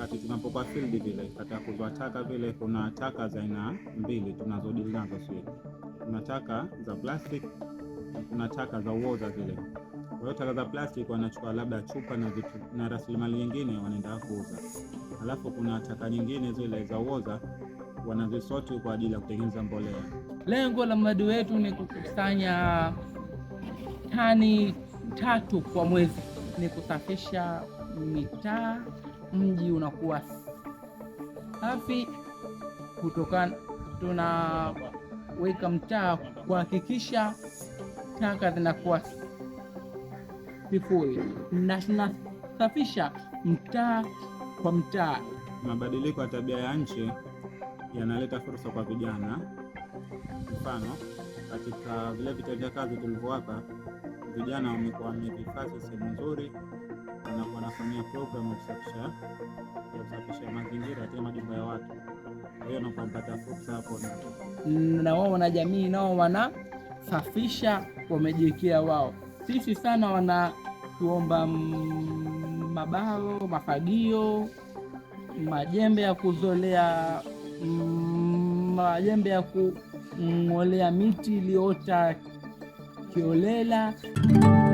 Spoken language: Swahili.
wakati tunapokuwa field vile, katika kuzoa taka vile, kuna taka za aina mbili tunazodili nazo sisi. Kuna taka za plastic na kuna taka za uoza zile. Kwa hiyo taka za plastic wanachukua labda chupa na vitu na rasilimali nyingine, wanaenda kuuza. Alafu kuna taka nyingine zile za uoza wanazisoti kwa ajili ya kutengeneza mbolea. Lengo la mradi wetu ni kukusanya tani tatu kwa mwezi, ni kusafisha mitaa mji unakuwa safi kutokana, tunaweka mtaa kuhakikisha taka zinakuwa sifuri na tunasafisha mtaa kwa mtaa. Mabadiliko ya tabia ya nchi yanaleta fursa kwa vijana. Mfano, katika vile vita vya kazi tulivyowapa vijana, wamekuwa wamehifadhi sehemu nzuri na anafanyia programu ya kusafisha ya kusafisha mazingira katika majumba ya watu. Kwa hiyo nakompata fursa hapo, na wao wanajamii nao wanasafisha, wamejiwekea wao. Sisi sana wanatuomba mabao, mafagio, majembe ya kuzolea, majembe ya kung'olea miti iliyoota kiolela.